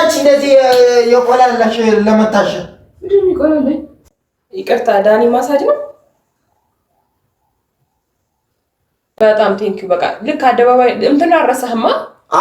አንቺ እንደዚህ የቆላላሽ ለመታሽ ምንድን ይቆላልኝ? ይቅርታ ዳኒ ማሳጅ ነው። በጣም ቴንኪው። በቃ ልክ አደባባይ እንትን አረሳህማ።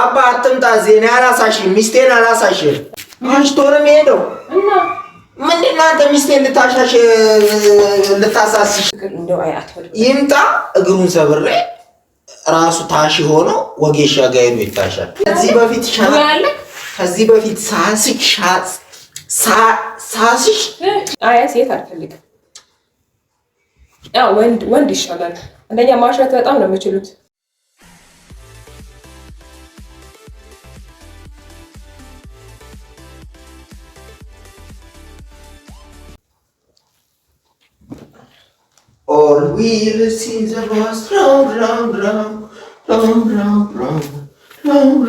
አባ አትምጣ እዚህ እኔ አላሳሽም፣ ሚስቴን ማሽ ማሽቶንም ሄደው እና ምንድን ነው አንተ ሚስቴን ልታሻሽ ልታሳስሽ? ይምጣ እግሩን ሰብር ራሱ ታሽ ሆኖ ወጌሻ ጋር ሄዶ ይታሻል። ከዚህ በፊት ይሻላል ከዚህ በፊት ሳስሽ ሳስሽ አያ ሴት አልፈልግም። ወንድ ይሻላል። አንደኛ ማሽረት በጣም ነው የምችሉት። ኦል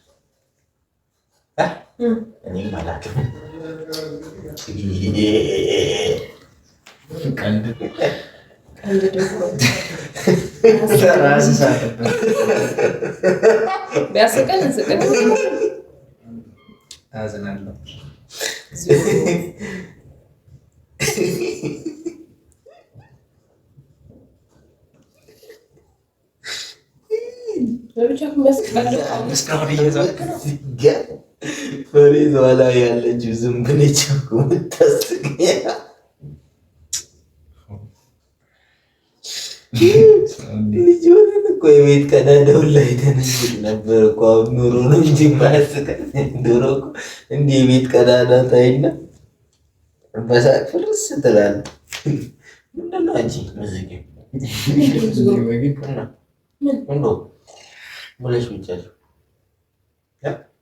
እኔም አላውቅም። ቢያስቀን ስቅን አዝናለሁ። በብቻ መሬት ኋላ ያለችው ዝም ብለች የምታስቀኝ ልጅ ሆነን እኮ የቤት ቀዳዳውን ላይ ተነስ ነበር እኮ ኑሮ ነው እንጂ የማያስቀኝ። ድሮ እኮ እንዲህ የቤት ቀዳዳ ታይና በሳቅ ፍርስ ትላለህ። ምንድን አንቺ ምዝጊ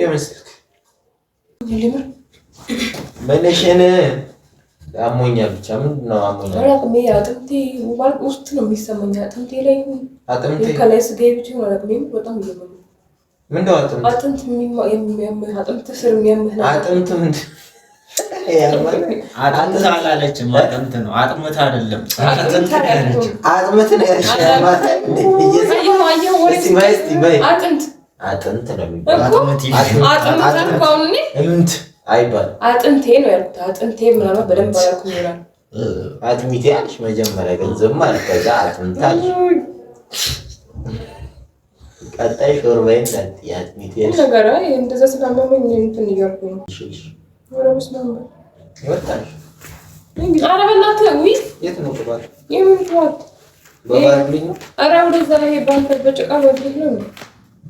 የምን ስልክ መለሸን አሞኛል። ብቻ ምንድን ነው አሞኛል? አጥንቴ ውስጥ ነው የሚሰማኝ። አጥንቴ ላይ አጥንቴ ከላይ ስጋዬ ብቻ በጣም ምንድን ነው አጥንት አጥንት ስር የሚያምህ አጥንት ምንድን አጥንት አላለችም። አጥንት ነው አጥምት አይደለም። አጥንት ነው አጥንት ነው የሚባለው። አጥንት አይባልም። አጥንቴ ነው ያልኩት። አጥንቴ ምናምን በደንብ ባላኩ ይላል። አጥሚቴ አልሽ መጀመሪያ፣ ገንዘብ ማለት ከዛ አጥንት አልሽ። ቀጣይ ሾርባዬን አጥሚቴ ነገር እንደዛ ስላመመኝ እንትን እያልኩኝ ኧረ በእናትህ የት ነው ቅባት ኧረ ወደዛ ይሄ በጭቃ ነው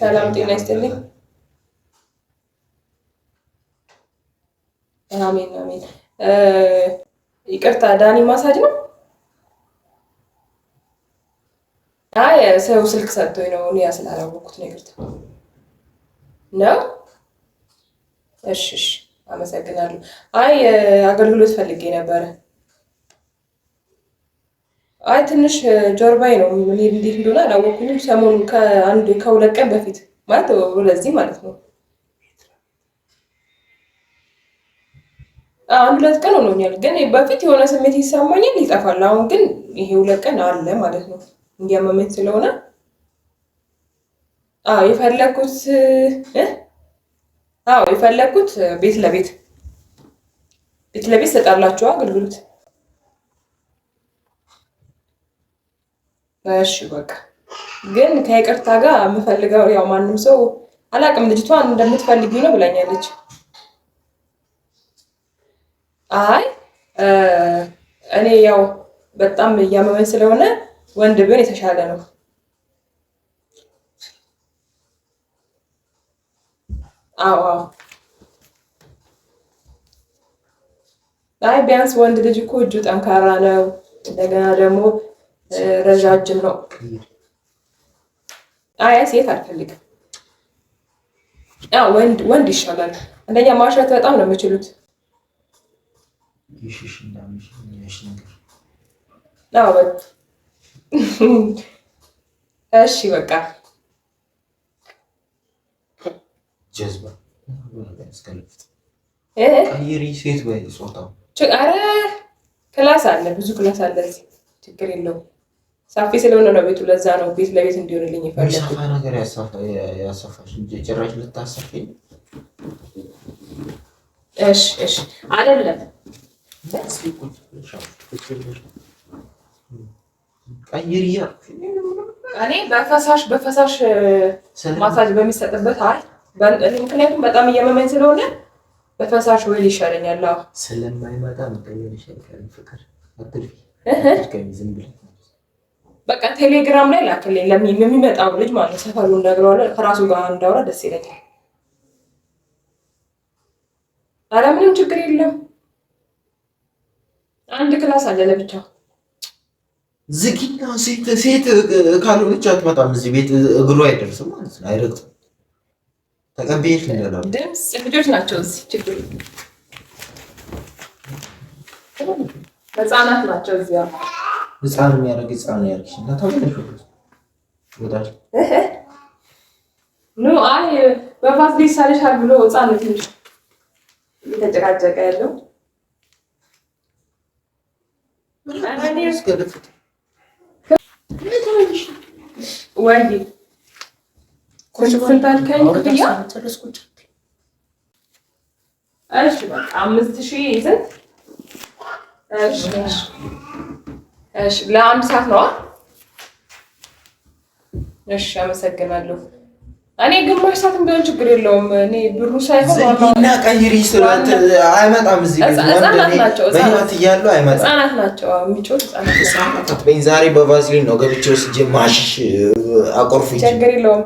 ሰላም ጤና ይስጥልኝ። አሜን አሜን። ይቅርታ ዳኒ ማሳጅ ነው። አይ ሰው ስልክ ሰጥቶኝ ነው፣ እኔ ስላላወኩት ነው። ይቅርታ ነው። እሺ እሺ፣ አመሰግናለሁ። አይ አገልግሎት ፈልጌ ነበረ። አይ ትንሽ ጀርባዬ ነው እንዴት እንደሆነ አላወኩኝም። ሰሞኑን ከአንድ ከሁለት ቀን በፊት ማለት ለዚህ ማለት ነው አንድ ሁለት ቀን ሆኖኛል። ግን በፊት የሆነ ስሜት ይሰማኛል፣ ይጠፋል። አሁን ግን ይሄ ሁለት ቀን አለ ማለት ነው እንዲያመመኝ ስለሆነ አዎ የፈለኩት አዎ የፈለኩት ቤት ለቤት ቤት ለቤት ሰጣላችሁ አገልግሎት እሺ በቃ ግን ከይቅርታ ጋር የምፈልገው ያው ማንም ሰው አላውቅም፣ ልጅቷን እንደምትፈልጊ ነው ብላኛለች። አይ እኔ ያው በጣም እያመመኝ ስለሆነ ወንድ ብን የተሻለ ነው። አዎ አዎ። አይ ቢያንስ ወንድ ልጅ እኮ እጁ ጠንካራ ነው። እንደገና ደግሞ ረዣጅም ነው። አያ ሴት አልፈልግም። ወንድ ወንድ ይሻላል። አንደኛ ማሸት በጣም ነው የምችሉት። እሺ በቃ ጀዝባ ሴት ኧረ ክላስ አለ፣ ብዙ ክላስ አለ። ችግር የለውም ሳፊ ስለሆነ ነው ቤቱ። ለዛ ነው ቤት ለቤት እንዲሆንልኝ ይፈልጋል። ነገር ያሰፋሽ ጭራሽ ልታሰፊ እኔ በፈሳሽ በፈሳሽ ማሳጅ በሚሰጥበት አይ ምክንያቱም በጣም እየመመኝ ስለሆነ በፈሳሽ ወይል ይሻለኛል። ስለማይመጣ መቀየር ይሻልካል። ፍቅር አትልፊ ዝም ብለህ በቃ ቴሌግራም ላይ ላክልኝ። ለሚመጣው ልጅ ማለት ሰፈሩ እንደግረዋለ ከራሱ ጋር እንዳውራ ደስ ይለኛል። አረ ምንም ችግር የለም። አንድ ክላስ አለ ለብቻው። ዝጊና ሴት ሴት ካልሆነች አትመጣም እዚህ ቤት። እግሩ አይደርስም ማለት ነው። አይረግጥም። ተቀቤት ነው። ድምፅ ልጆች ናቸው እዚህ ችግር ህፃናት ናቸው እዚያ ህፃን የሚያደርግ ህፃን ያርግሽ እና ታውቂያለሽ ወዳጅ ኖ አይ በፋት ይሳልሻል ብሎ ህፃን ትንሽ እየተጨቃጨቀ ያለው ወይ ኮሽፍንታልከኝ ታልከኝ ክፍያ እሺ በቃ አምስት ሺህ ይዘት እሺ እሺ ለአንድ ሰዓት ነው። እሺ አመሰግናለሁ። እኔ ግማሽ ሰዓትም ቢሆን ችግር የለውም። እኔ ብሩ ሳይሆንና እና ቀይሪ ስራት አይመጣም። እዚህ ህጻናት እያሉ አይመጣም። ህጻናት ናቸው የሚጮት ህጻናት ናቸው። ዛሬ በቫዝሊን ነው ገብቼ ወስጄ ማሽሽ አቆርፍ። ችግር የለውም።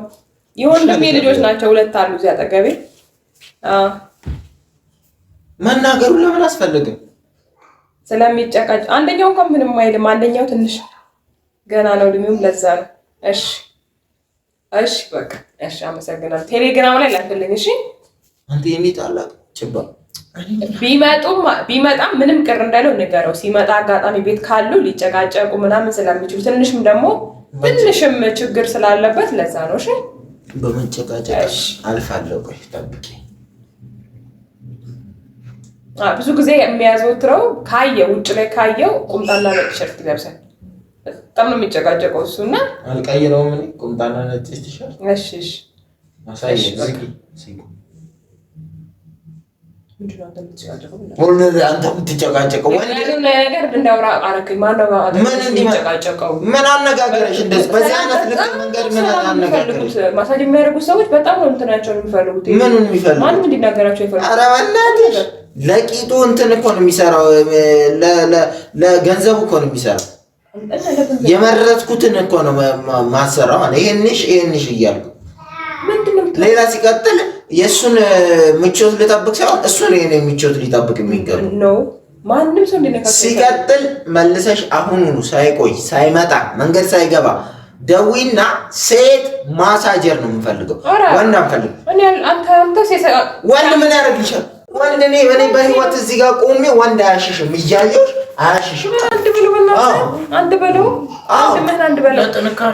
የወንድሜ ልጆች ናቸው፣ ሁለት አሉ እዚህ አጠገቤ። መናገሩ ለምን አስፈለገ? ስለሚጨቃጭ አንደኛው እንኳን ምንም አይልም። አንደኛው ትንሽ ገና ነው እድሜውም፣ ለዛ ነው። እሺ እሺ፣ በቃ እሺ፣ አመሰግናለሁ። ቴሌግራም ላይ ላክልኝ። እሺ አንተ የሚጣላ ጭባ ቢመጣም ምንም ቅር እንዳለው ንገረው። ሲመጣ አጋጣሚ ቤት ካሉ ሊጨቃጨቁ ምናምን ስለሚችሉ ትንሽም ደግሞ ትንሽም ችግር ስላለበት ለዛ ነው። እሺ በመጨቃጨቅ አልፋለሁ። ቆይ ጠብቂ ብዙ ጊዜ የሚያዘወትረው ካየ ውጭ ላይ ካየው ቁምጣና ነጭ ሸርት ይለብሳል። በጣም ነው የሚጨቃጨቀው እሱ እና አልቀይረውም። እኔ ቁምጣና ነጭ ቲሸርት አንተ የምትጨቃጨቀው ማሳጅ የሚያደርጉት ሰዎች በጣም ነው እንትናቸውን የሚፈልጉት። ማንም እንዲናገራቸው ይፈልጉ ለቂጡ እንትን እኮ ነው የሚሰራው። ለገንዘቡ እኮ ነው የሚሰራው። የመረጥኩትን እኮ ነው ማሰራው። ይሄንሽ ይሄንሽ እያልኩ ሌላ ሲቀጥል የእሱን ምቾት ልጠብቅ ሳይሆን እሱን ይሄን ምቾት ሊጠብቅ የሚገባው ሲቀጥል፣ መልሰሽ አሁኑኑ ሳይቆይ ሳይመጣ መንገድ ሳይገባ ደዊና ሴት ማሳጀር ነው የምፈልገው። ወንድ አንፈልግም። ወንድ ምን ያደርግልሻል? ወንድ እኔ እኔ በህይወት እዚህ ጋር ቆሜ ወንድ አያሽሽም፣ እያየሽ አያሽሽም። አንድ በለው አንድ በለው አንድ በለው ለጥንካሬ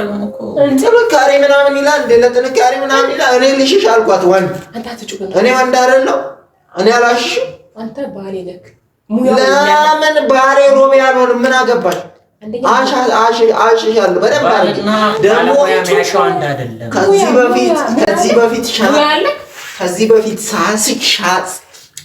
ምናምን ይላል እንደ ለጥንካሬ ምናምን ይላል። እኔ ልሽሽ አልኳት። ወንድ እኔ ወንድ አይደለሁ እኔ አላሽሽም። አንተ ባህሪ ነክ ለምን ባህሪ ሮቤ ያልሆንም ምን አገባሽ? አሽሻለሁ በደንብ አለች። ደግሞ ከዚህ በፊት ከዚህ በፊት ከዚህ በፊት ሻጽ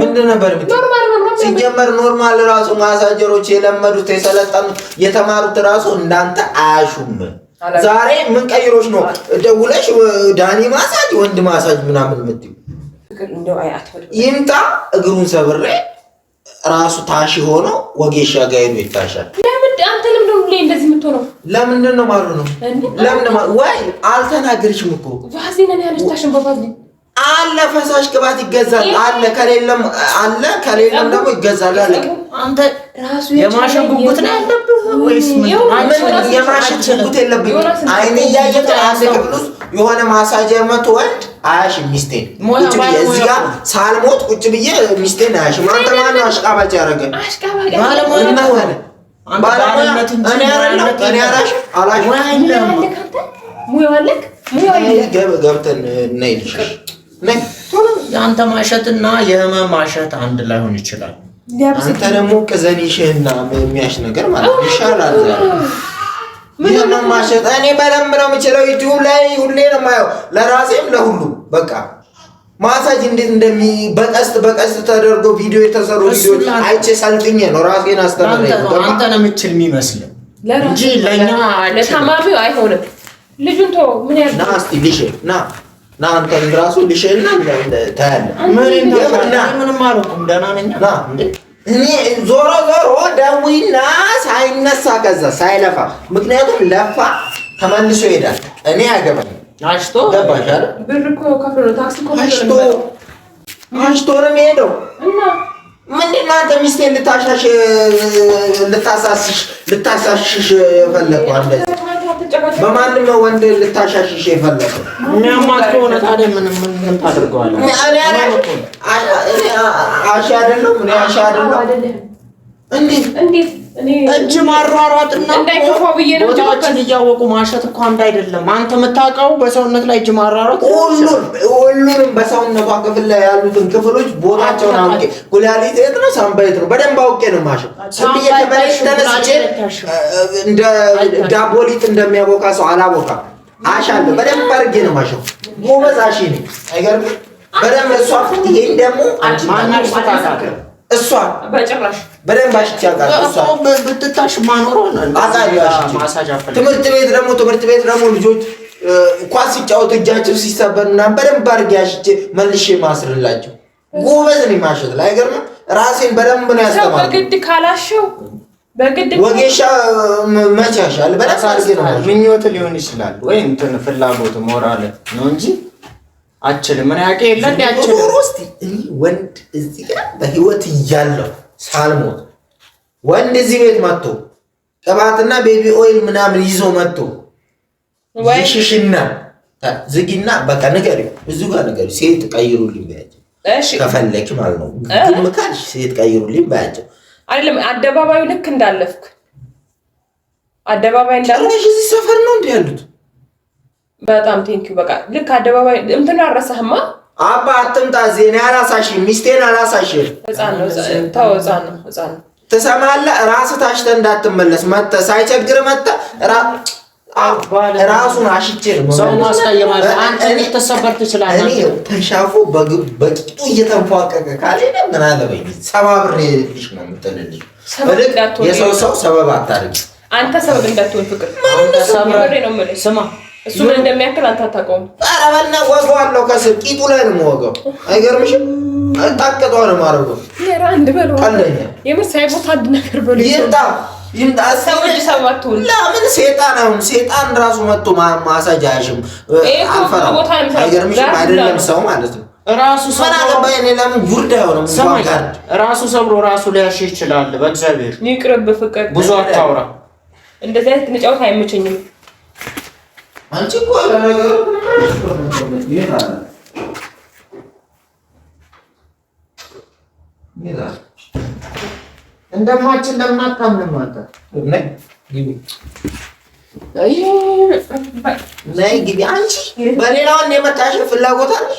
ምንድን ሲጀመር? ኖርማል ራሱ ማሳጀሮች የለመዱት የሰለጠኑት የተማሩት ራሱ እንዳንተ አያሹም። ዛሬ ምን ቀይሮች ነው ደውለሽ ዳኒ ማሳጅ፣ ወንድ ማሳጅ ምናምን የምትይው? ይምጣ እግሩን ሰብሬ ራሱ ታሺ ሆኖ ወጌሻ ጋር ይታሻል። ለምንድን ነው ማለት ነው? ለምን ወይ አልተናገርሽም እኮ አለ ፈሳሽ ቅባት ይገዛል። አለ ከሌለም አለ ከሌለም ደግሞ ይገዛል። አለ አንተ ራሱ የማሸን ጉጉት ነው ያለብህ ወይስ ምን? የማሸን ጉጉት የለብኝ። አይኔ እያየ አንድ ክፍል ውስጥ የሆነ ማሳጀር መቶ ወንድ አያሽም። ሚስቴን ቁጭ ብዬ እዚህ ጋር ሳልሞት ቁጭ ብዬ ሚስቴን አያሽም። አንተ ማነው አሽቃባጭ ያደረገ ባለሙያ? እኔ ያረለው እኔ ያራሽ አላሽ ገብተን ነይልሽ የአንተ ማሸትና የህመም ማሸት አንድ ላይሆን ይችላል። አንተ ደግሞ ይሽህና የሚያሽ ነገር ማለት ይሻላል። የህመም ማሸት እኔ በደንብ ነው የምችለው። ዩቲዩብ ላይ ሁሌ ነው የማየው፣ ለራሴም ለሁሉም በቃ ማሳጅ እንዴት እንደሚ በቀስት በቀስት ተደርጎ ቪዲዮ የተሰሩ ቪዲዮዎች አይቼ ሰልጥኜ ነው ራሴን አስተምሬ አንተ ነው የምችል የሚመስል እንጂ ለእኛ ለተማሪው አይሆንም። ልጁን ተወው። ምን ያህል ና እስኪ ልሼ ና ና አንተ ራሱ ልሽና እኔ ዞሮ ዞሮ ደዊና ሳይነሳ ከዛ ሳይለፋ ምክንያቱም ለፋ ተመልሶ ይሄዳል። እኔ አገባኝ አሽቶ ገባሽ አሽቶ ነው የሚሄደው። ምንድን ነው አንተ ሚስቴን ልታሳስሽ አንደዚህ በማንም ነው ወንድ ልታሻሽሽ የፈለገው? የሚያማት ከሆነ ምን አይደለም እኔ አሺ አይደለም እንዴት እጅ ማሯሯጥና ቦታዎችን እያወቁ ማሸት እኮ አንድ አይደለም። አንተ የምታውቀው በሰውነት ላይ እጅ ማሯሯጥ ሁሉንም በሰውነቷ ክፍል ላይ ያሉትን ክፍሎች ቦታቸውን አውቄ ኩላሊት የት ነው፣ ሳምባ የት ነው በደንብ አውቄ ነው ማሸት ስብዬ ከበለሽ ተነስቼ እንደ ዳቦሊት እንደሚያቦካ ሰው አላቦካ አሻለሁ። በደንብ አድርጌ ነው ማሸው። ጎበዝ አሺ ነኝ። አይገርም። በደንብ እሷ ይሄን ደግሞ ማናሽ እሷ በጭራሽ በደንብ አሽቻ ጋር ብትታሽ ማኖረው ትምህርት ቤት ደግሞ ትምህርት ቤት ደግሞ ልጆች ኳስ ሲጫወቱ እጃቸው ሲሰበር ምናምን በደንብ አድርጌ አሽቼ መልሼ ማስርላቸው። ጎበዝ ነው ማሸት ላይ አይገርምም። ራሴን በደንብ ነው ያስተማረው። በግድ ካላሽው በግድ ወጌሻ መቻሻል በደንብ አድርጌ ነው ምኞት ሊሆን ይችላል ወይ እንትን ፍላጎት ሞራል ነው እንጂ አችልም። ምን ያቄ የለ እንዲ አችልም። ወንድ እዚህ ጋር በህይወት እያለሁ ሳልሞት ወንድ እዚህ ቤት መጥቶ ቅባትና ቤቢ ኦይል ምናምን ይዞ መጥቶ ሽሽና ዝጊና በቃ ንገሪው፣ እዚሁ ጋር ንገሪው። ሴት ቀይሩልኝ በያቸው ከፈለክ ማለት ነው። ምካልሽ ሴት ቀይሩልኝ በያቸው አይደለም። አደባባዩ ልክ እንዳለፍክ አደባባይ እንዳለፍክ እዚህ ሰፈር ነው እንዲ ያሉት። በጣም ቴንኪው። በቃ ልክ አደባባይ እንትን አረሳህማ አባ አትምጣ፣ ዜና አላሳሽ፣ ሚስቴን አላሳሽ። ህፃን ነው፣ ህፃን ነው። ትሰማለህ? ራስ ታሽተ እንዳትመለስ መተህ ሳይቸግር መተህ ራሱን አሽቼ ነው ሰው አንተ በቂጡ እየተንፏቀቀ ካልሄደ ምን አለበኝ? ሰባብሬልሽ ነው የምትልልሽ። የሰው ሰው ሰበብ አታድርጊ። አንተ ሰበብ እንዳትሆን ፍቅር ስማ እሱ ምን እንደሚያክል አንተ አታውቀውም። ኧረ ከስር ቂጡ ላይ ነው የምወገው። አይገርምሽም? ታቅጧ ነው የማደርገው። አንድ በለው የምር ሳይቦታ አንድ ነገር በለው ይምጣ ሴጣን አሁን ራሱ መጥቶ ማሳጃሽም አይገርምሽም? አይደለም ሰው ማለት ነው ራሱ ራሱ ሰብሮ ራሱ ሊያሽ ይችላል። በእግዚአብሔር ይቅርብ። ፍቅር ብዙ አታውራ። እንደዚህ አይነት አይመቸኝም። አንቺ እኮ ለነገሩ እንደማችን ለምን አታምንም አንተ? ነይ ግቢ። አንቺ በሌላውን የመጣሽ ፍላጎት አለሽ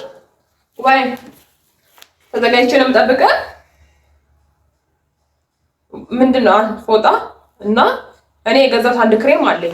ወይ? ተዘጋጅቼ ነው የምጠብቀህ። ምንድን ነው ፎጣ እና እኔ የገዛሁት አንድ ክሬም አለኝ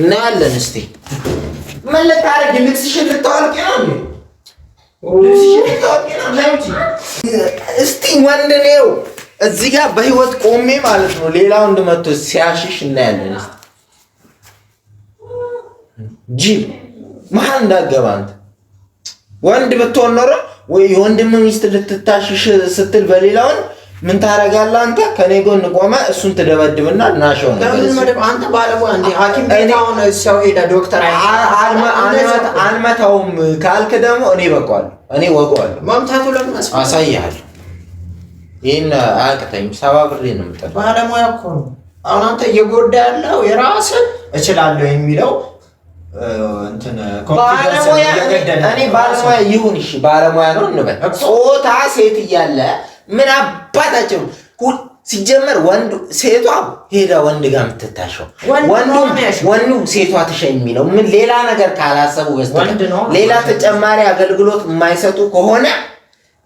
እናያለን። እስቲ ምን ልታደርጊ? ልብስሽን ልታወልቂ ነው? እስቲ ወንድ ነው እዚህ ጋር በህይወት ቆሜ ማለት ነው። ሌላ ወንድ መቶ ሲያሽሽ እናያለን። ጂ መሀል እንዳትገባ አንተ ወንድ ብትሆን ኖሮ ወይ የወንድም ሚስት ልትታሽሽ ስትል በሌላ ወንድ ምን ታደርጋለህ አንተ? ከኔ ጎን ቆመ እሱን ትደበድብና እናሸው። አንተ ባለሙያ እንደ ሐኪም ሰው ዶክተር አልመታውም ካልክ ደግሞ እኔ በቀዋለሁ፣ እኔ ወቀዋለሁ። መምታቱ ለምን አሳያል? ይህን አያቅተኝም። ሰባ ብር ነው የምጠለው። ባለሙያ እኮ ነው። አሁን አንተ እየጎዳ ያለው የራስን እችላለሁ የሚለው ባለሙያ ይሁን፣ እሺ ባለሙያ ነው እንበል። ጾታ ሴት እያለ ምን አባታቸው ሲጀመር ወንዱ ሴቷ ሄዳ ወንድ ጋር የምትታሸው ወንዱ ሴቷ ተሸኝ ነው። ምን ሌላ ነገር ካላሰቡ ሌላ ተጨማሪ አገልግሎት የማይሰጡ ከሆነ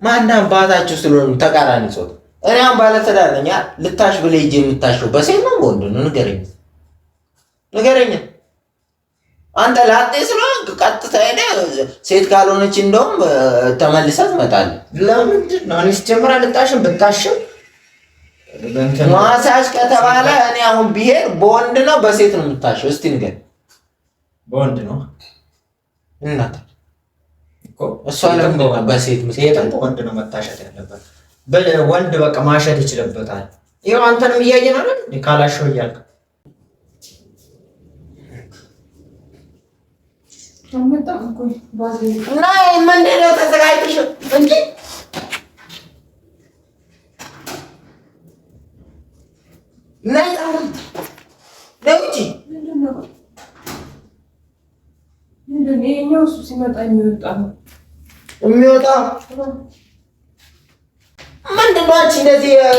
ማን አባታቸው ስለሆኑ ተቃራኒ ጾት። እኔ አሁን ልታሽ ብለህ ሂጅ የምታሸው በሴት ነው በወንድ ነው? ንገረኝ፣ ንገረኝ። አንተ ላጤ ስለሆንክ ቀጥታ ሄደ ሴት ካልሆነች እንደውም ተመልሳ ትመጣለህ። ለምንድን ነው እኔ ስጀምር አልጣሽም ብታሽም ማሳጅ ከተባለ እኔ አሁን ብሄድ በወንድ ነው በሴት ነው የምታሸው? እስቲ ንገር። በወንድ ነው እናት እሷ ደግሞ በሴት ወንድ ነው መታሸት ያለበት። ወንድ በቃ ማሸት ይችልበታል። ይኸው አንተንም እያየን አይደል ካላሸው እያልክ እና ምንድን ነው ተዘጋጅተሽ እንጂ ነይ ውጭ። ይኸኛው እሱ ሲመጣ የሚወጣ ነው የሚወጣ ምንድን ነው አንቺ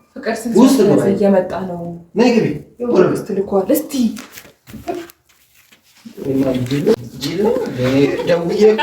ፍቅር ስንት እየመጣ ነው? ነይ ግቢ። ትልኳል እስቲ ደውዬ